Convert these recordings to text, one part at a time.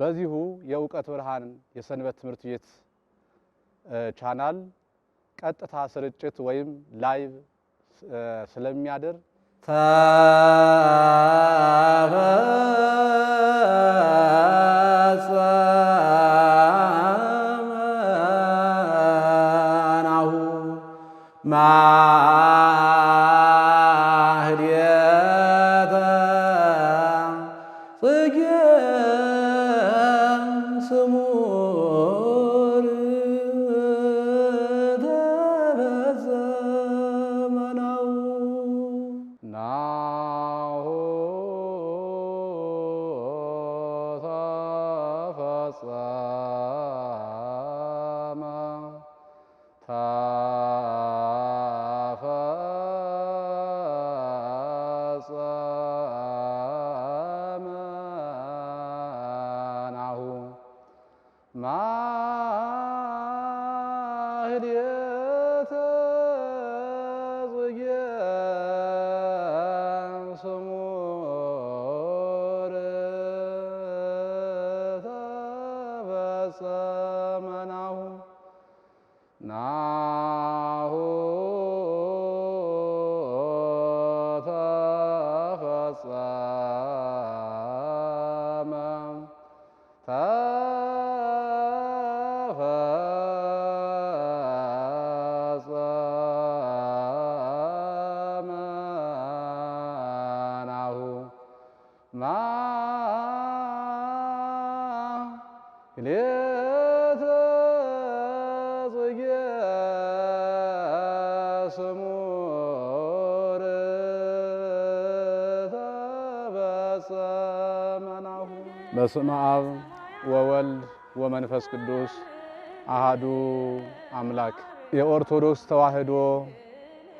በዚሁ የእውቀት ብርሃን የሰንበት ትምህርት ቤት ቻናል ቀጥታ ስርጭት ወይም ላይቭ ስለሚያደር ተፈጸመ ናሁ ፈጸመናሁ ማህሌተ ጽጌ ስሙር ተፈጸመናሁ ና ፈጸመናሁ ማህሌተ ጽጌ ስሙ ተፈጸመናሁ በስመ አብ ወወልድ ወመንፈስ ቅዱስ አሃዱ አምላክ የኦርቶዶክስ ተዋህዶ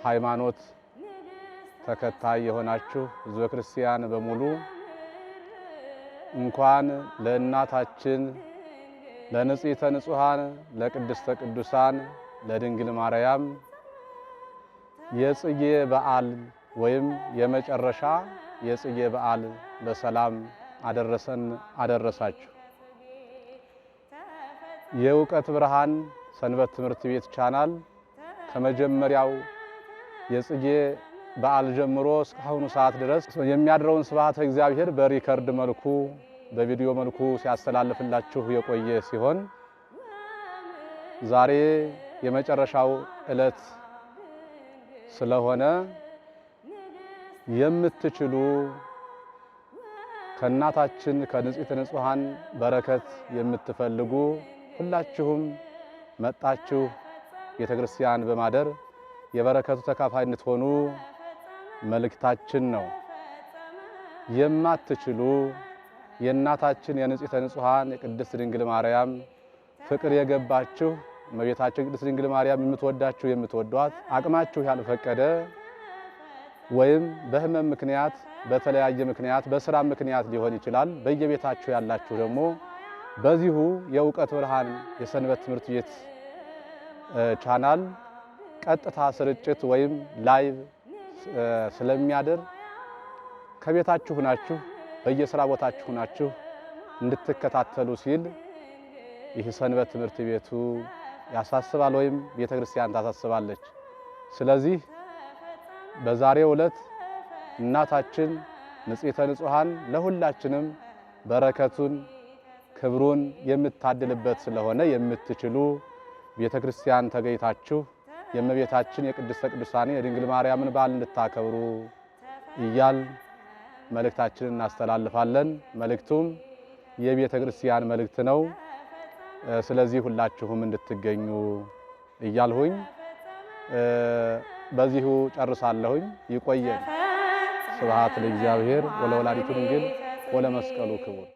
ሃይማኖት ተከታይ የሆናችሁ ህዝበ ክርስቲያን በሙሉ እንኳን ለእናታችን ለንጽሕተ ንጹሐን ለቅድስተ ቅዱሳን ለድንግል ማርያም የጽጌ በዓል ወይም የመጨረሻ የጽጌ በዓል በሰላም አደረሰን አደረሳችሁ። የእውቀት ብርሃን ሰንበት ትምህርት ቤት ቻናል ከመጀመሪያው የጽጌ በዓል ጀምሮ እስካሁኑ ሰዓት ድረስ የሚያድረውን ስብሐተ እግዚአብሔር በሪከርድ መልኩ በቪዲዮ መልኩ ሲያስተላልፍላችሁ የቆየ ሲሆን ዛሬ የመጨረሻው ዕለት ስለሆነ የምትችሉ ከእናታችን ከንጽሕተ ንጹሐን በረከት የምትፈልጉ ሁላችሁም መጣችሁ ቤተ ክርስቲያን በማደር የበረከቱ ተካፋይ እንድትሆኑ መልእክታችን ነው። የማትችሉ የእናታችን የንጽሕተ ንጹሐን የቅድስት ድንግል ማርያም ፍቅር የገባችሁ እመቤታችን ቅድስት ድንግል ማርያም የምትወዳችሁ የምትወዷት አቅማችሁ ያልፈቀደ ወይም በህመም ምክንያት በተለያየ ምክንያት በስራ ምክንያት ሊሆን ይችላል። በየቤታችሁ ያላችሁ ደግሞ በዚሁ የእውቀት ብርሃን የሰንበት ትምህርት ቤት ቻናል ቀጥታ ስርጭት ወይም ላይቭ ስለሚያድር ከቤታችሁ ናችሁ በየስራ ቦታችሁ ናችሁ እንድትከታተሉ ሲል ይህ ሰንበት ትምህርት ቤቱ ያሳስባል ወይም ቤተ ክርስቲያን ታሳስባለች። ስለዚህ በዛሬው ዕለት እናታችን ንጽሕተ ንጹሐን ለሁላችንም በረከቱን ክብሩን የምታድልበት ስለሆነ የምትችሉ ቤተ ክርስቲያን ተገኝታችሁ የእመቤታችን የቅድስተ ቅዱሳን የድንግል ማርያምን በዓል እንድታከብሩ እያል መልእክታችንን እናስተላልፋለን። መልእክቱም የቤተ ክርስቲያን መልእክት ነው። ስለዚህ ሁላችሁም እንድትገኙ እያልሁኝ በዚሁ ጨርሳለሁኝ። ይቆየን። ስብሐት ለእግዚአብሔር ወለወላዲቱ ድንግል ወለመስቀሉ ክቡር